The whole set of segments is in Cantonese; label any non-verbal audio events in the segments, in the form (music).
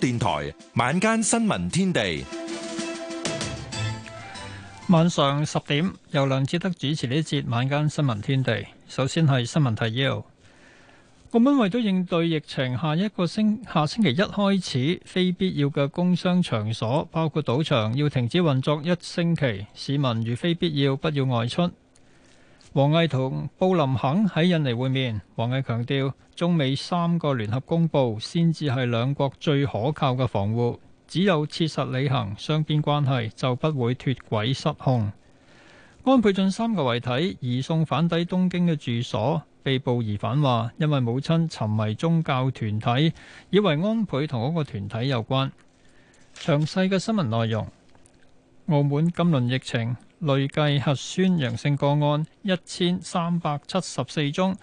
電台晚間新聞天地，晚上十點由梁志德主持呢節晚間新聞天地。首先係新聞提要，澳門為咗應對疫情，下一個星下星期一開始，非必要嘅工商場所包括賭場要停止運作一星期，市民如非必要不要外出。王毅同布林肯喺印尼會面，王毅強調中美三個聯合公報先至係兩國最可靠嘅防護，只有切實履行雙邊關係，就不會脫軌失控。安倍晉三嘅遺體移送返抵東京嘅住所，被捕疑犯話因為母親沉迷宗教團體，以為安倍同嗰個團體有關。詳細嘅新聞內容，澳門今輪疫情。累計核酸陽性個案一千三百七十四宗。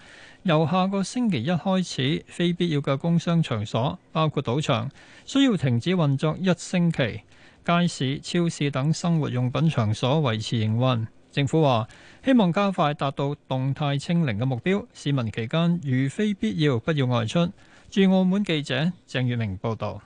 由下個星期一開始，非必要嘅工商場所，包括賭場，需要停止運作一星期。街市、超市等生活用品場所維持營運。政府話希望加快達到動態清零嘅目標。市民期間如非必要，不要外出。駐澳門記者鄭月明報道。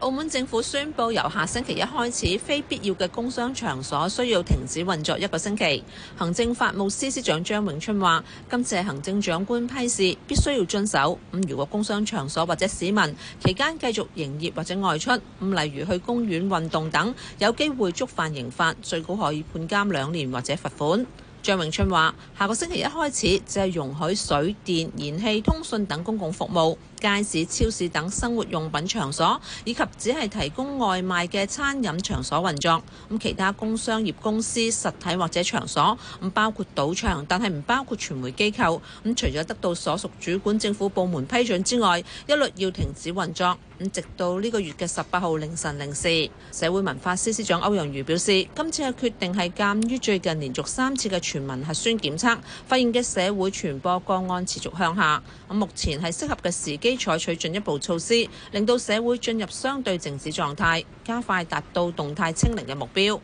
澳門政府宣布，由下星期一開始，非必要嘅工商場所需要停止運作一個星期。行政法務司司長張永春話：今次係行政長官批示，必須要遵守。咁如果工商場所或者市民期間繼續營業或者外出，咁例如去公園運動等，有機會觸犯刑法，最高可以判監兩年或者罰款。張永春話：下個星期一開始，只係容許水電、燃氣、通訊等公共服務。街市、超市等生活用品場所，以及只係提供外賣嘅餐飲場所運作。咁其他工商業公司實體或者場所，咁包括賭場，但係唔包括傳媒機構，咁除咗得到所屬主管政府部門批准之外，一律要停止運作。咁直到呢個月嘅十八號凌晨零時，社會文化司司長歐陽瑜表示，今次嘅決定係鑒於最近連續三次嘅全民核酸檢測，發現嘅社會傳播個案持續向下。咁目前係適合嘅時機。採取進一步措施，令到社會進入相對靜止狀態，加快達到動態清零嘅目標。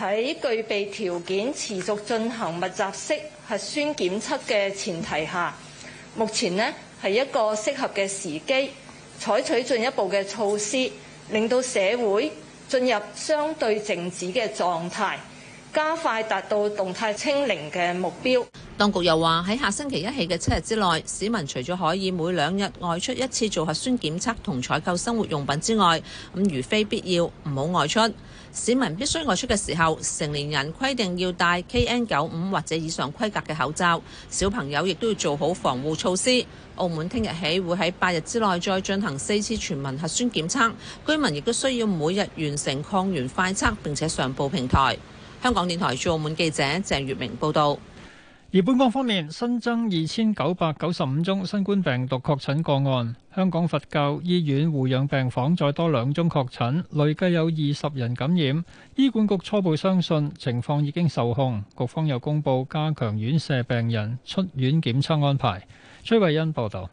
喺具備條件持續進行密集式核酸檢測嘅前提下，目前呢，係一個適合嘅時機，採取進一步嘅措施，令到社會進入相對靜止嘅狀態，加快達到動態清零嘅目標。當局又話喺下星期一起嘅七日之內，市民除咗可以每兩日外出一次做核酸檢測同採購生活用品之外，咁如非必要唔好外出。市民必須外出嘅時候，成年人規定要戴 KN 九五或者以上規格嘅口罩，小朋友亦都要做好防護措施。澳門聽日起會喺八日之內再進行四次全民核酸檢測，居民亦都需要每日完成抗原快測並且上報平台。香港電台駐澳門記者鄭月明報導。而本港方面，新增二千九百九十五宗新冠病毒確診個案，香港佛教醫院護養病房再多兩宗確診，累計有二十人感染。醫管局初步相信情況已經受控，局方又公布加強院舍病人出院檢測安排。崔慧欣報道。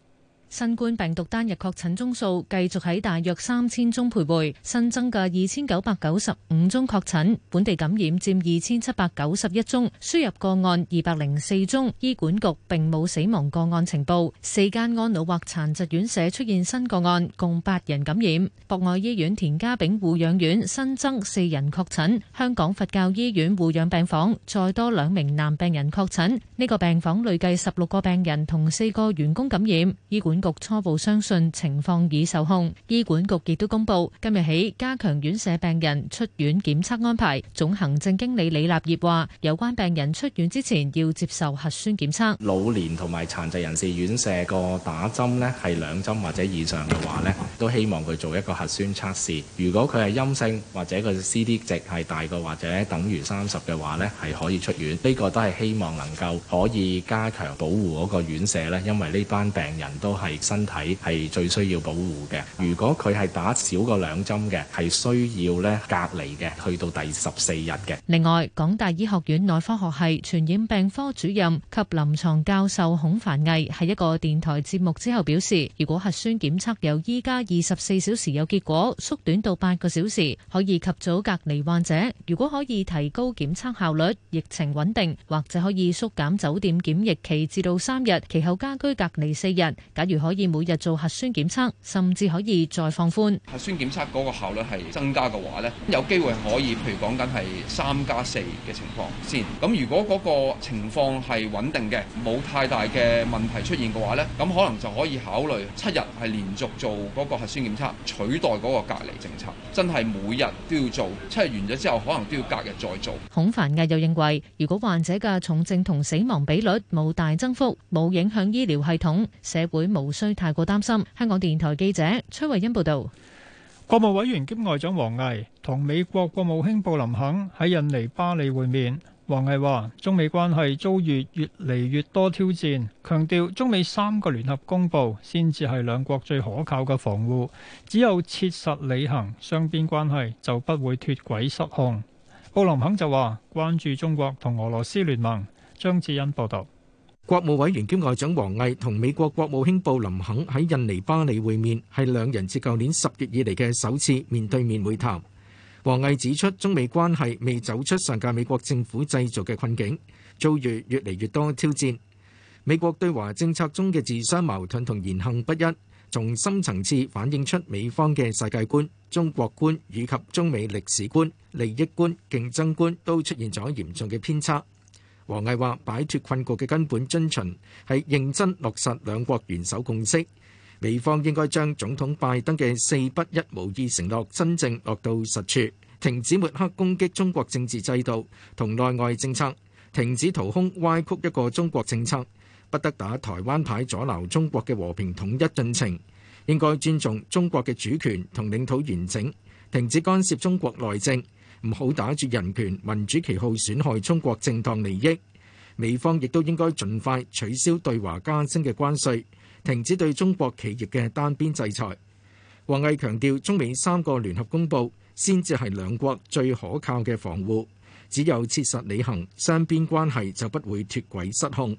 新冠病毒單日確診宗數繼續喺大約三千宗徘徊，新增嘅二千九百九十五宗確診，本地感染佔二千七百九十一宗，輸入個案二百零四宗，醫管局並冇死亡個案情報。四間安老或殘疾院舍出現新個案，共八人感染。博愛醫院田家炳護養院新增四人確診，香港佛教醫院護養病房再多兩名男病人確診，呢個病房累計十六個病人同四個員工感染，醫管。局初步相信情況已受控。醫管局亦都公布今日起加強院舍病人出院檢測安排。總行政經理李立業話，有關病人出院之前要接受核酸檢測。老年同埋殘疾人士院舍個打針咧，係兩針或者以上嘅話咧，都希望佢做一個核酸測試，如果佢係陰性或者個 C D 值係大過或者等於三十嘅話咧，係可以出院。呢個都係希望能夠可以加強保護嗰個院舍咧，因為呢班病人都係。身體係最需要保護嘅。如果佢係打少過兩針嘅，係需要咧隔離嘅，去到第十四日嘅。另外，港大醫學院內科學系傳染病科主任及臨床教授孔凡毅係一個電台節目之後表示，如果核酸檢測由依家二十四小時有結果，縮短到八個小時，可以及早隔離患者。如果可以提高檢測效率，疫情穩定，或者可以縮減酒店檢疫期至到三日，其後家居隔離四日。假如可以每日做核酸檢測，甚至可以再放寬核酸檢測嗰個效率係增加嘅話呢，有機會可以，譬如講緊係三加四嘅情況先。咁如果嗰個情況係穩定嘅，冇太大嘅問題出現嘅話呢，咁可能就可以考慮七日係連續做嗰個核酸檢測取代嗰個隔離政策。真係每日都要做，七日完咗之後，可能都要隔日再做。孔凡毅又認為，如果患者嘅重症同死亡比率冇大增幅，冇影響醫療系統、社會冇。需太過擔心。香港電台記者崔慧欣報道，國務委員兼外長王毅同美國國務卿布林肯喺印尼巴厘會面。王毅話：中美關係遭遇越嚟越、越多挑戰，強調中美三個聯合公報先至係兩國最可靠嘅防護，只有切實履行雙邊關係，就不會脫軌失控。布林肯就話關注中國同俄羅斯聯盟。張智恩報道。國務委員兼外長王毅同美國國務卿布林肯喺印尼巴釐會面，係兩人自舊年十月以嚟嘅首次面對面會談。王毅指出，中美關係未走出上屆美國政府製造嘅困境，遭遇越嚟越多挑戰。美國對華政策中嘅自相矛盾同言行不一，從深層次反映出美方嘅世界觀、中國觀以及中美歷史觀、利益觀、競爭觀都出現咗嚴重嘅偏差。王毅話：擺脱困局嘅根本遵循係認真落實兩國元首共識，美方應該將總統拜登嘅四不一無意承諾真正落到實處，停止抹黑攻擊中國政治制度同內外政策，停止掏空歪曲一個中國政策，不得打台灣牌阻撓中國嘅和平統一進程，應該尊重中國嘅主權同領土完整，停止干涉中國內政。唔好打住人權民主旗號損害中國正當利益，美方亦都應該盡快取消對華加徵嘅關稅，停止對中國企業嘅單邊制裁。王毅強調中美三個聯合公布先至係兩國最可靠嘅防護，只有切實履行，雙邊關係就不會脫軌失控。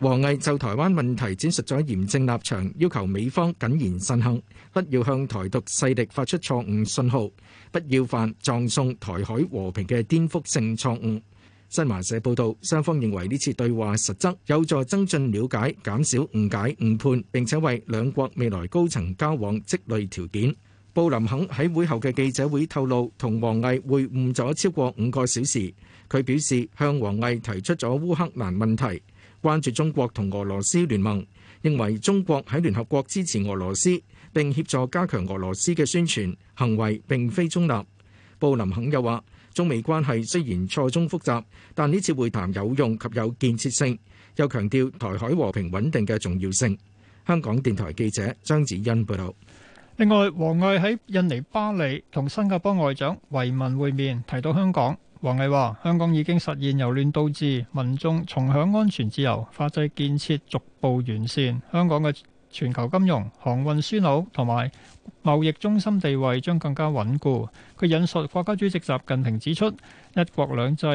王毅就台灣問題闡述咗嚴正立場，要求美方謹言慎行，不要向台獨勢力發出錯誤信號，不要犯葬送台海和平嘅顛覆性錯誤。新華社報道，雙方認為呢次對話實質有助增進了解，減少誤解誤判，並且為兩國未來高層交往積累條件。布林肯喺會後嘅記者會透露，同王毅會晤咗超過五個小時。佢表示向王毅提出咗烏克蘭問題。關注中國同俄羅斯聯盟，認為中國喺聯合國支持俄羅斯，並協助加強俄羅斯嘅宣傳行為，並非中立。布林肯又話：中美關係雖然錯綜複雜，但呢次會談有用及有建設性，又強調台海和平穩定嘅重要性。香港電台記者張子欣報道。另外，王毅喺印尼巴釐同新加坡外長維文會面，提到香港。王毅話：香港已經實現由亂到治，民眾重享安全自由，法制建設逐步完善，香港嘅全球金融、航運樞紐同埋貿易中心地位將更加穩固。佢引述國家主席習近平指出：一國兩制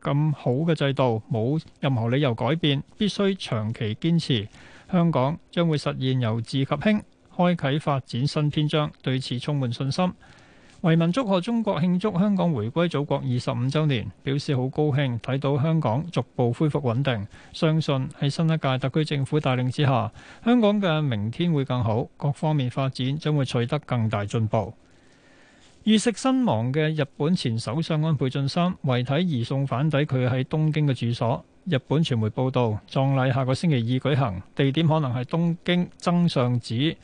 咁好嘅制度，冇任何理由改變，必須長期堅持。香港將會實現由治及興，開啓發展新篇章，對此充滿信心。為民祝賀中國慶祝香港回歸祖國二十五週年，表示好高興睇到香港逐步恢復穩定，相信喺新一屆特區政府帶領之下，香港嘅明天會更好，各方面發展將會取得更大進步。遇刺身亡嘅日本前首相安倍晉三遺體移送返抵佢喺東京嘅住所，日本傳媒報道，葬禮下個星期二舉行，地點可能係東京增上寺。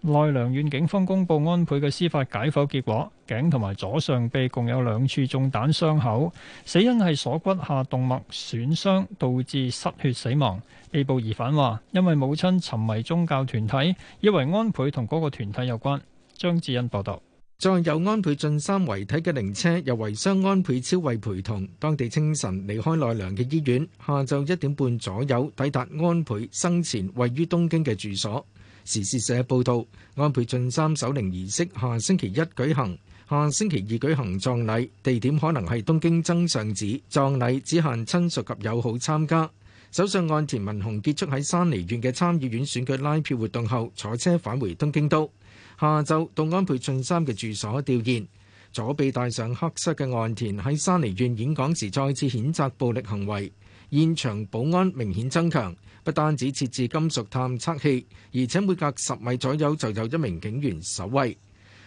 奈良縣警方公布安倍嘅司法解剖結果，頸同埋左上臂共有兩處中彈傷口，死因係鎖骨下動脈損傷導致失血死亡。被捕疑犯話：因為母親沉迷宗教團體，以為安倍同嗰個團體有關。張智恩報道，再有安倍晉三遺體嘅靈車，由遺孀安倍昭惠陪同，當地清晨離開奈良嘅醫院，下晝一點半左右抵達安倍生前位於東京嘅住所。時事社報道，安倍晉三守靈儀式下星期一舉行，下星期二舉行葬禮，地點可能係東京增上寺。葬禮只限親屬及友好參加。首相岸田文雄結束喺山梨縣嘅參議院選舉拉票活動後，坐車返回東京都。下晝到安倍晉三嘅住所弔唁，左臂帶上黑色嘅岸田喺山梨縣演講時再次譴責暴力行為。現場保安明顯增強，不單止設置金屬探測器，而且每隔十米左右就有一名警員守衛。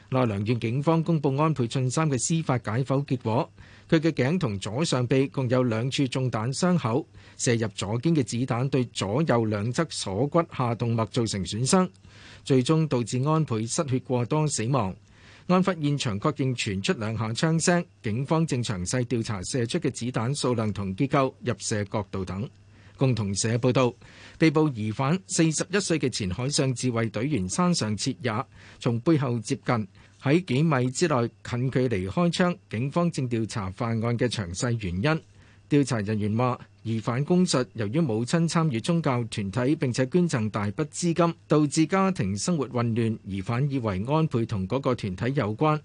奈良縣警方公布安倍晉三嘅司法解剖結果，佢嘅頸同左上臂共有兩處中彈傷口，射入左肩嘅子彈對左右兩側鎖骨下動脈造成損傷，最終導致安倍失血過多死亡。案發現場確認傳出兩下槍聲，警方正詳細調查射出嘅子彈數量同結構、入射角度等。共同社報道，被捕疑犯四十一歲嘅前海上自衛隊員山上徹也，從背後接近，喺幾米之內近距離開槍。警方正調查犯案嘅詳細原因。調查人員話。疑犯供述，由於母親參與宗教團體並且捐贈大筆資金，導致家庭生活混亂，疑犯以為安倍同嗰個團體有關。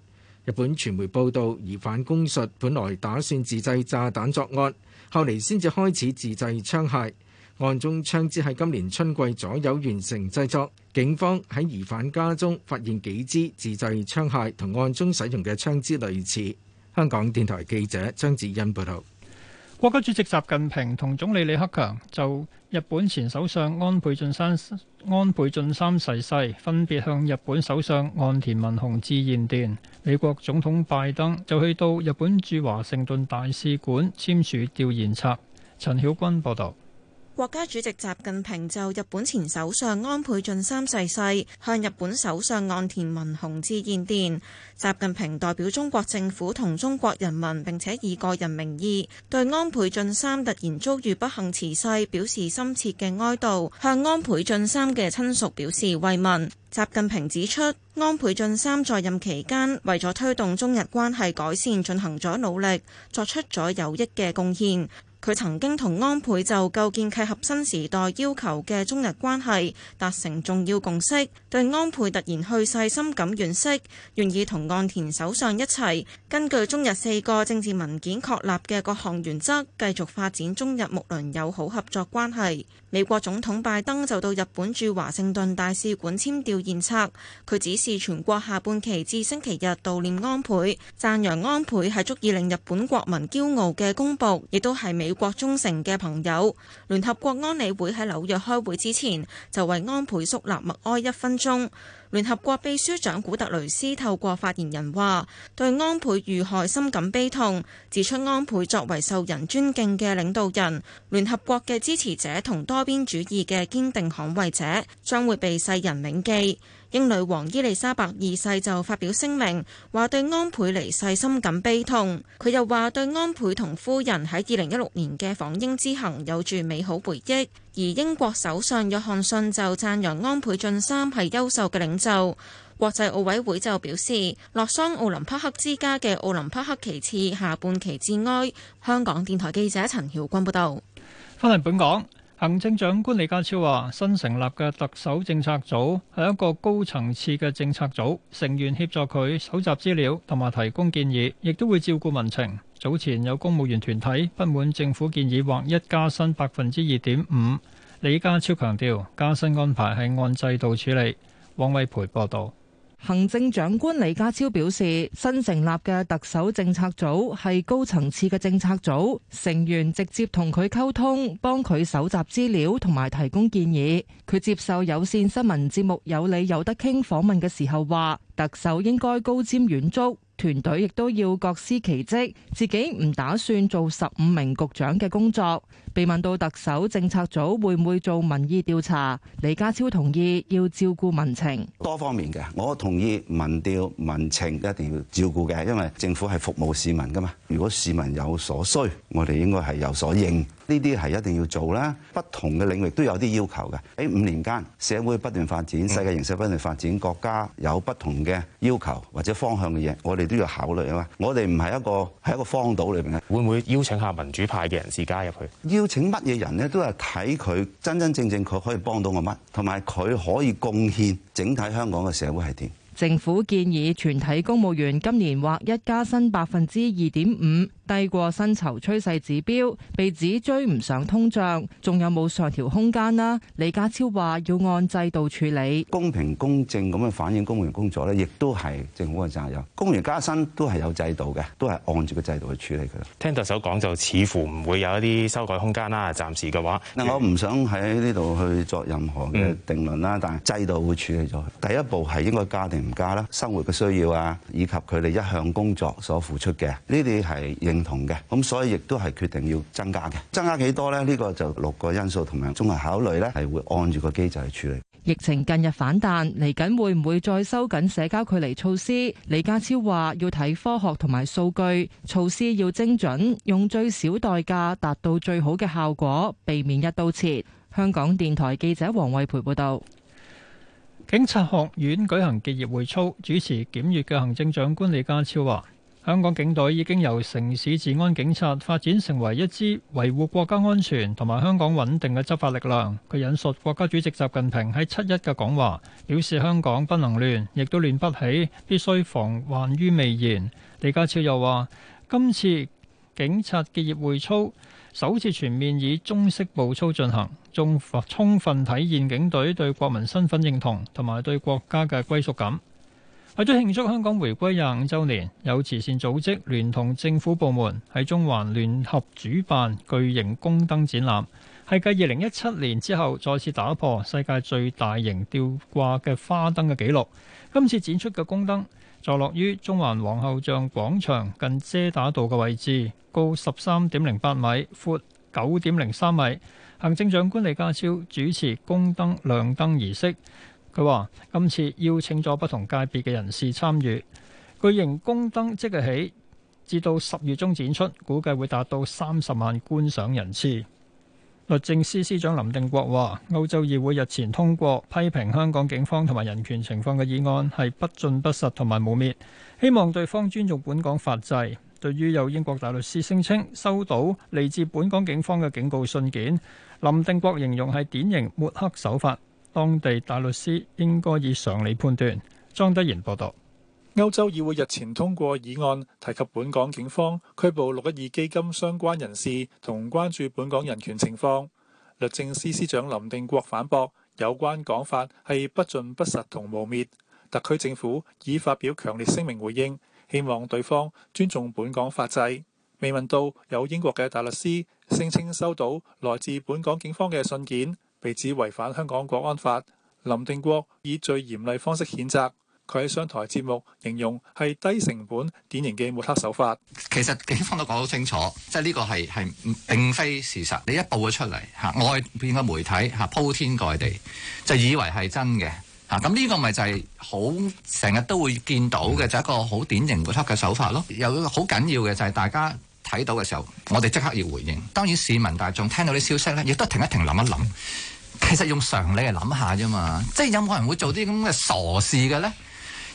日本傳媒報道，疑犯供述，本來打算自製炸彈作案，後嚟先至開始自製槍械。案中槍支喺今年春季左右完成製作，警方喺疑犯家中發現幾支自製槍械，同案中使用嘅槍支類似。香港電台記者張子欣報道。國家主席習近平同總理李克強就日本前首相安倍晉三安倍晉三逝世，分別向日本首相岸田文雄，致唁電。美國總統拜登就去到日本駐華盛頓大使館簽署弔唁冊。陳曉君報道。國家主席習近平就日本前首相安倍晉三逝世，向日本首相岸田文雄致唁電，習近平代表中國政府同中國人民，並且以個人名義對安倍晉三突然遭遇不幸辭世表示深切嘅哀悼，向安倍晉三嘅親屬表示慰問。習近平指出，安倍晉三在任期間為咗推動中日關係改善進行咗努力，作出咗有益嘅貢獻。佢曾經同安倍就構建契合新時代要求嘅中日關係達成重要共識，對安倍突然去世深感惋惜，願意同岸田首相一齊根據中日四個政治文件確立嘅各項原則，繼續發展中日睦鄰友好合作關係。美國總統拜登就到日本駐華盛頓大使館簽吊唁冊，佢指示全國下半旗至星期日悼念安倍，讚揚安倍係足以令日本國民驕傲嘅公僕，亦都係美國忠誠嘅朋友。聯合國安理會喺紐約開會之前，就為安倍肅立默哀一分鐘。聯合國秘書長古特雷斯透過發言人話：對安倍遇害深感悲痛，指出安倍作為受人尊敬嘅領導人、聯合國嘅支持者同多邊主義嘅堅定捍衞者，將會被世人銘記。英女王伊麗莎白二世就發表聲明，話對安倍離世深感悲痛。佢又話對安倍同夫人喺二零一六年嘅訪英之行有住美好回憶，而英國首相約翰遜就讚揚安倍晉三係優秀嘅領袖。國際奧委會就表示，洛桑奧林匹克之家嘅奧林匹克旗幟下半旗致哀。香港電台記者陳曉君報道。翻嚟本港。行政長官李家超話：新成立嘅特首政策組係一個高層次嘅政策組，成員協助佢搜集資料同埋提供建議，亦都會照顧民情。早前有公務員團體不滿政府建議或一加薪百分之二點五，李家超強調加薪安排係按制度處理。王偉培報道。行政長官李家超表示，新成立嘅特首政策組係高層次嘅政策組，成員直接同佢溝通，幫佢搜集資料同埋提供建議。佢接受有線新聞節目有理有得傾訪問嘅時候話，特首應該高瞻遠矚。團隊亦都要各司其職，自己唔打算做十五名局長嘅工作。被問到特首政策組會唔會做民意調查，李家超同意要照顧民情，多方面嘅。我同意民調、民情一定要照顧嘅，因為政府係服務市民㗎嘛。如果市民有所需，我哋應該係有所應。呢啲係一定要做啦，不同嘅領域都有啲要求嘅。喺五年間，社會不斷發展，世界形勢不斷發展，國家有不同嘅要求或者方向嘅嘢，我哋都要考慮啊嘛。我哋唔係一個喺一個荒島裏邊啊，會唔會邀請下民主派嘅人士加入去？邀請乜嘢人呢？都係睇佢真真正正佢可以幫到我乜，同埋佢可以貢獻整體香港嘅社會係點？政府建議全體公務員今年劃一加薪百分之二點五。低過薪酬趨勢指標，被指追唔上通脹，仲有冇上調空間啦。李家超話要按制度處理，公平公正咁樣反映公務員工作咧，亦都係政府嘅責任。公務員加薪都係有制度嘅，都係按住個制度去處理佢。聽特首講就似乎唔會有一啲修改空間啦，暫時嘅話，嗱。我唔想喺呢度去作任何嘅定論啦，嗯、但係制度會處理咗。第一步係應該加定唔加啦，生活嘅需要啊，以及佢哋一向工作所付出嘅，呢啲係認唔同嘅，咁所以亦都係決定要增加嘅。增加幾多呢？呢個就六個因素同埋綜合考慮呢，係會按住個機制去處理。疫情近日反彈，嚟緊會唔會再收緊社交距離措施？李家超話要睇科學同埋數據，措施要精準，用最少代價達到最好嘅效果，避免一刀切。香港電台記者黃惠培報道。警察學院舉行結業會操，主持檢閱嘅行政長官李家超話，香港警隊已經由城市治安警察發展成為一支維護國家安全同埋香港穩定嘅執法力量。佢引述國家主席習近平喺七一嘅講話，表示香港不能亂，亦都亂不起，必須防患於未然。李家超又話：今次警察結業會操首次全面以中式步操進行，仲充分體現警隊對國民身份認同同埋對國家嘅歸屬感。為咗慶祝香港回歸廿五週年，有慈善組織聯同政府部門喺中環聯合主辦巨型宮燈展覽，係繼二零一七年之後再次打破世界最大型吊掛嘅花燈嘅紀錄。今次展出嘅宮燈座落於中環皇后像廣場近遮打道嘅位置，高十三點零八米，闊九點零三米。行政長官李家超主持宮燈亮燈儀式。佢話：今次邀請咗不同界別嘅人士參與巨型宮燈，即日起至到十月中展出，估計會達到三十萬觀賞人次。律政司司長林定國話：歐洲議會日前通過批評香港警方同埋人權情況嘅議案，係不盡不實同埋污蔑，希望對方尊重本港法制。對於有英國大律師聲稱收到嚟自本港警方嘅警告信件，林定國形容係典型抹黑手法。當地大律師應該以常理判斷。莊德賢報導，歐洲議會日前通過議案，提及本港警方拘捕六一二基金相關人士同關注本港人權情況。律政司司長林定國反駁有關講法係不盡不實同污蔑。特區政府已發表強烈聲明回應，希望對方尊重本港法制。未問到有英國嘅大律師聲稱收到來自本港警方嘅信件。被指違反香港國安法，林定國以最嚴厲方式譴責。佢喺商台節目形容係低成本典型嘅抹黑手法。其實警方都講好清楚，即係呢個係係並非事實。你一報咗出嚟嚇，外邊嘅媒體嚇鋪天蓋地就以為係真嘅嚇。咁呢個咪就係好成日都會見到嘅，就係、一個好典型抹黑嘅手法咯。有一個好緊要嘅就係大家，睇到嘅時候，我哋即刻要回應。當然市民大眾聽到啲消息咧，亦都停一停，諗一諗。其實用常理嚟諗下啫嘛，即係有冇人會做啲咁嘅傻事嘅咧？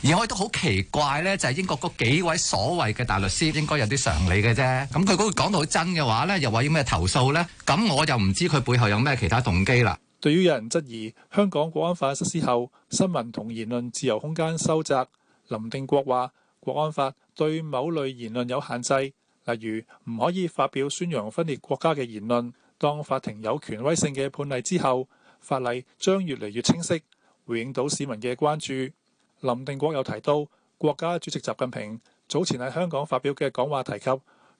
而我亦都好奇怪咧，就係英國嗰幾位所謂嘅大律師，應該有啲常理嘅啫。咁佢嗰句講到真嘅話咧，又話要咩投訴咧？咁我又唔知佢背後有咩其他動機啦。對於有人質疑香港國安法實施後新聞同言論自由空間收窄，林定國話國安法對某類言論有限制。例如唔可以發表宣揚分裂國家嘅言論，當法庭有權威性嘅判例之後，法例將越嚟越清晰，回應到市民嘅關注。林定國有提到，國家主席習近平早前喺香港發表嘅講話提及，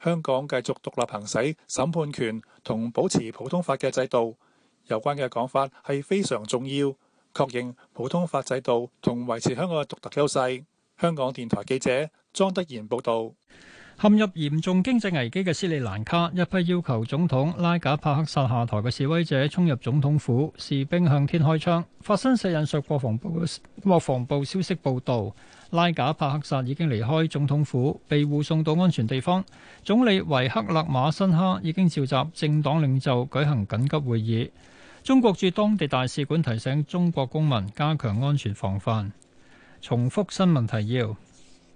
香港繼續獨立行使審判權同保持普通法嘅制度有關嘅講法係非常重要，確認普通法制度同維持香港嘅獨特優勢。香港電台記者莊德賢報道。陷入嚴重經濟危機嘅斯里蘭卡，一批要求總統拉賈帕克薩下台嘅示威者衝入總統府，士兵向天開槍。法新社引述國防部，國防部消息報道，拉賈帕克薩已經離開總統府，被護送到安全地方。總理維克勒馬辛哈已經召集政黨領袖舉行緊急會議。中國駐當地大使館提醒中國公民加強安全防範。重複新聞提要。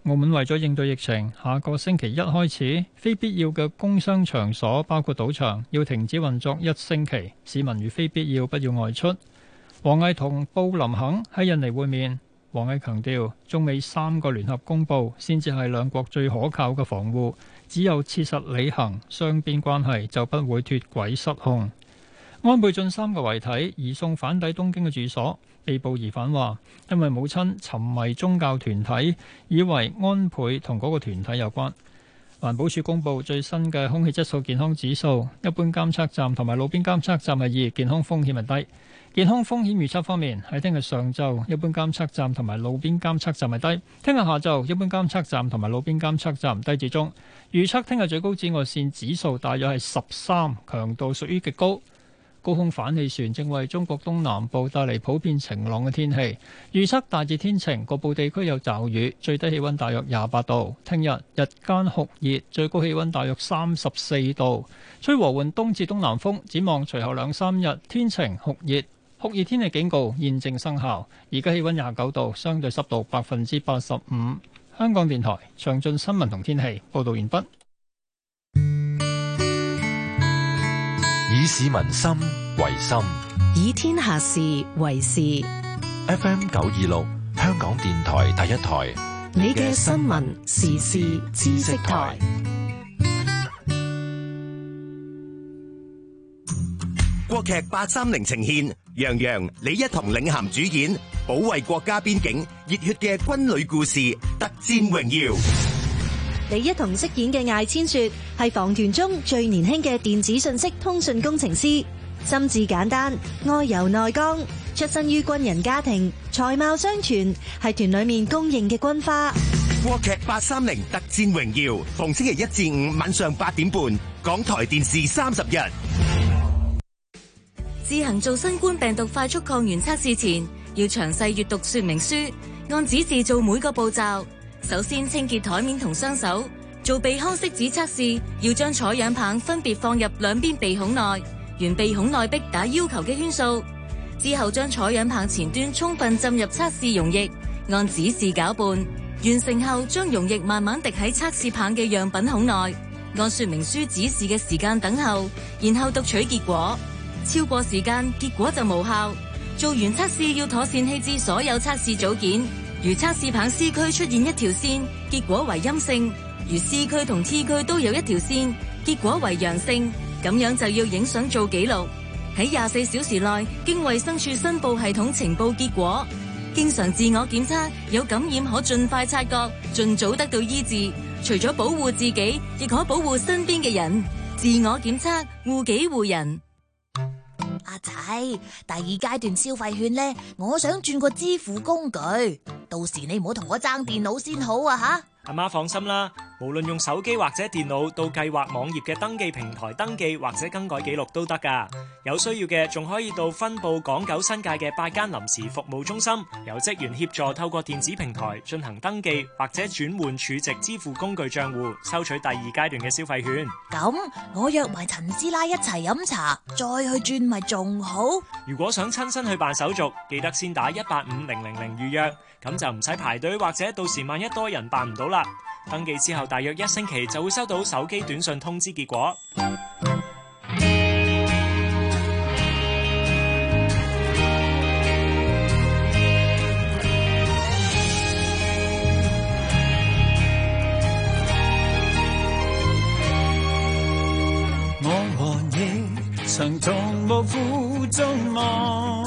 澳門為咗應對疫情，下個星期一開始，非必要嘅工商場所包括賭場要停止運作一星期。市民如非必要，不要外出。王毅同布林肯喺印尼會面。王毅強調，中美三個聯合公報先至係兩國最可靠嘅防護，只有切實履行，雙邊關係就不會脫軌失控。安倍晉三嘅遺體移送返抵東京嘅住所。被捕疑犯話：因為母親沉迷宗教團體，以為安倍同嗰個團體有關。環保署公布最新嘅空氣質素健康指數，一般監測站同埋路邊監測站係二，健康風險係低。健康風險預測方面，喺聽日上晝，一般監測站同埋路邊監測站係低；聽日下晝，一般監測站同埋路邊監測站低至中。預測聽日最高紫外線指數大約係十三，強度屬於極高。高空反氣旋正為中國東南部帶嚟普遍晴朗嘅天氣，預測大致天晴，局部地區有驟雨，最低氣温大約廿八度。聽日日間酷熱，最高氣温大約三十四度，吹和緩東至東南風。展望隨後兩三日天晴酷熱，酷熱天氣警告現正生效。而家氣温廿九度，相對濕度百分之八十五。香港電台詳盡新聞同天氣報導完畢。以市民心為心，以天下事為事。FM 九二六，香港電台第一台，你嘅新聞時事知識台。國劇八三零呈現，楊洋李一桐領銜主演，保衛國家邊境，熱血嘅軍旅故事《特戰榮耀》。李一桐飾演嘅艾千雪係防團中最年輕嘅電子信息通訊工程師，心智簡單，外柔內剛，出身於軍人家庭，才貌雙全，係團裏面公認嘅軍花。國劇《八三零》特戰榮耀，逢星期一至五晚上八點半，港台電視三十日。自行做新冠病毒快速抗原測試前，要詳細閱讀說明書，按指示做每個步驟。首先清潔台面同雙手，做鼻腔拭子測試。要將採樣棒分別放入兩邊鼻孔內，沿鼻孔內壁打要求嘅圈數。之後將採樣棒前端充分浸入測試溶液，按指示攪拌。完成後將溶液慢慢滴喺測試棒嘅樣品孔內，按說明書指示嘅時間等候，然後讀取結果。超過時間，結果就無效。做完測試要妥善棄置所有測試組件。如測試棒 C 區出現一條線，結果為陰性；如 C 區同 T 區都有一條線，結果為陽性，咁樣就要影相做記錄。喺廿四小時內經衛生署申報系統呈報結果。經常自我檢測，有感染可盡快察覺，盡早得到醫治。除咗保護自己，亦可保護身邊嘅人。自我檢測，護己護人。阿仔，第二階段消費券呢？我想轉個支付工具。到時你唔好同我爭電腦先好啊吓！阿媽放心啦。無論用手機或者電腦，到計劃網頁嘅登記平台登記或者更改記錄都得㗎。有需要嘅仲可以到分佈港九新界嘅八間臨時服務中心，由職員協助透過電子平台進行登記或者轉換儲值支付工具賬戶收取第二階段嘅消費券。咁我約埋陳師奶一齊飲茶，再去轉咪仲好？如果想親身去辦手續，記得先打一八五零零零預約，咁就唔使排隊或者到時萬一多人辦唔到啦。登記之後，大約一星期就會收到手機短信通知結果。我和你曾同冒苦中夢。 (music) (music) (music)